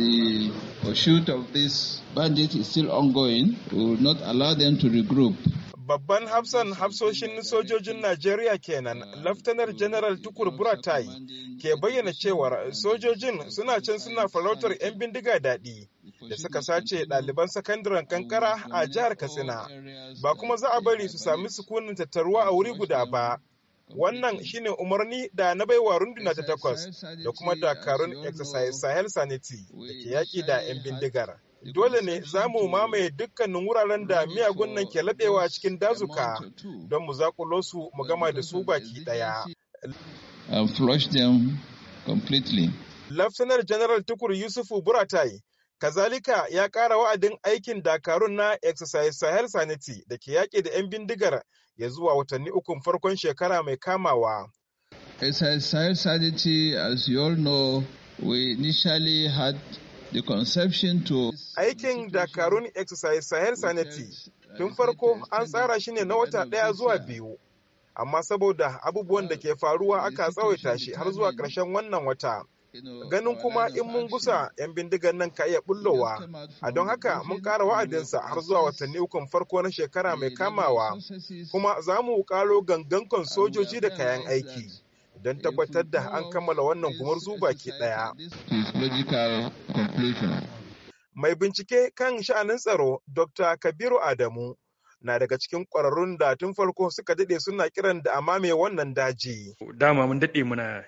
the pursuit of this bandit is still ongoing, we will not allow them to regroup. Babban hafsan hafsoshin sojojin Najeriya kenan, Laftanar General Tukur Buratai ke bayyana cewar sojojin suna can suna farautar 'yan bindiga daɗi da suka sace ɗaliban sakandaren kankara a jihar Katsina, ba kuma za a bari su sami sukunin tattaruwa a wuri guda ba. Wannan shine umarni da na baiwa runduna ta takwas da kuma dakarun exercise Sahel Sanity da ke yaƙi da 'yan bindigar. dole ne za mu mamaye dukkanin wuraren da miyagun nan ke laɓewa cikin dazuka don mu zaƙulo su mu gama da su baki ɗaya. Uh, Laftanar General Tukur Yusufu Buratai Kazalika ya ƙara wa'adin aikin Dakarun na Exercise Sahel Sanity da ke yaƙi da 'yan bindigar ya zuwa watanni ukun farkon shekara mai kamawa. Exercise Sahel Sanity, as you all know, we initially had the conception to... Aikin Dakarun Exercise Sahel Sanity tun farko an tsara shi ne na wata ɗaya zuwa biyu. Amma saboda abubuwan da ke faruwa aka tsawaita shi har zuwa ƙarshen wannan wata. ganin kuma in mun gusa 'yan bindigan nan ka iya bullowa a don haka mun ƙara wa'adinsa har zuwa watanni ukun farko na shekara mai kamawa kuma za mu ƙalo gangankon sojoji da kayan aiki don tabbatar da an kammala wannan zuba ke ɗaya. Mai bincike kan sha'anin tsaro Dr. Kabiru Adamu na daga cikin ƙwararrun da tun farko suka daɗe suna kiran da mai wannan daji. Dama mun daɗe muna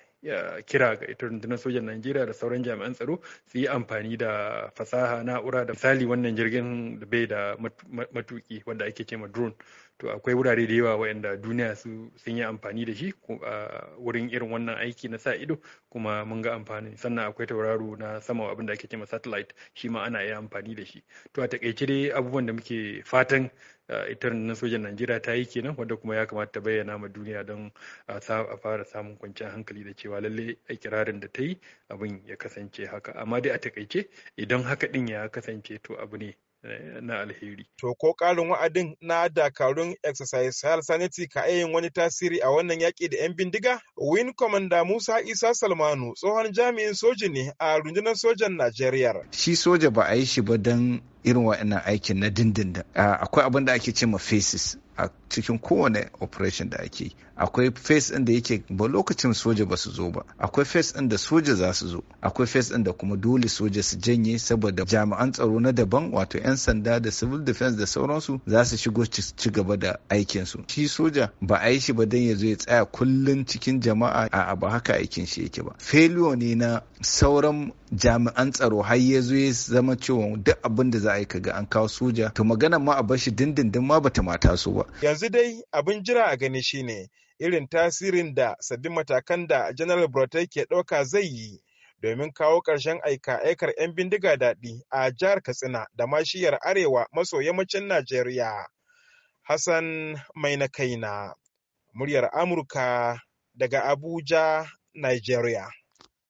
kira ga ita rundunar sojan Najeriya da sauran jami'an tsaro su yi amfani da fasaha na'ura da misali wannan jirgin da bai da matuki wanda ake ce ma drone to akwai wurare da yawa waɗanda duniya su sun yi amfani da shi wurin irin wannan aiki na sa ido kuma mun ga amfani sannan akwai tauraro na sama abin da ake cewa satellite shi ma ana iya amfani da shi to a takaice dai abubuwan da muke fatan eh, ita na sojan Najeriya ta yi kenan wadda kuma ya kamata ta bayyana ma duniya don a fara samun kwanciyar hankali da cewa lalle ikirarin da ta yi abin ya kasance haka amma dai a takaice idan haka din ya kasance to abu ne Eh, na alheri. To ko ƙarin wa'adin na dakarun exercise har sanity ka yin wani tasiri a wannan yaƙi da 'yan bindiga? Win Commander Musa Isa Salmanu tsohon jami'in soji ne a rundunar sojan Najeriya. Shi soja ba a yi shi ba don irin wa'annan aikin na dindindin. Akwai abin da ake ce ma faces a cikin kowane operation da ake akwai face ɗin da yake ba lokacin soja ba su zo ba akwai face ɗin da soja za su zo akwai face ɗin da kuma dole soja su janye saboda jami'an tsaro na daban wato 'yan sanda da civil defense da sauransu za su shigo ci gaba da aikin su. shi soja ba a yi shi ba don ya zo ya tsaya kullum cikin jama'a a ba haka aikin shi yake ba failure ne na sauran jami'an tsaro har ya zo ya zama cewa duk abin da za a yi kaga an kawo soja to magana ma a bar shi dindindin ma bata mata su ba ba. Yanzu dai abin jira a gani shine irin tasirin da sabbin matakan da General brote ke ɗauka zai yi domin kawo ƙarshen aika-aikar 'yan bindiga daɗi a jihar Katsina da mashiyar Arewa maso yammacin Najeriya. Hassan mai na kaina, muryar Amurka daga Abuja, Nigeria.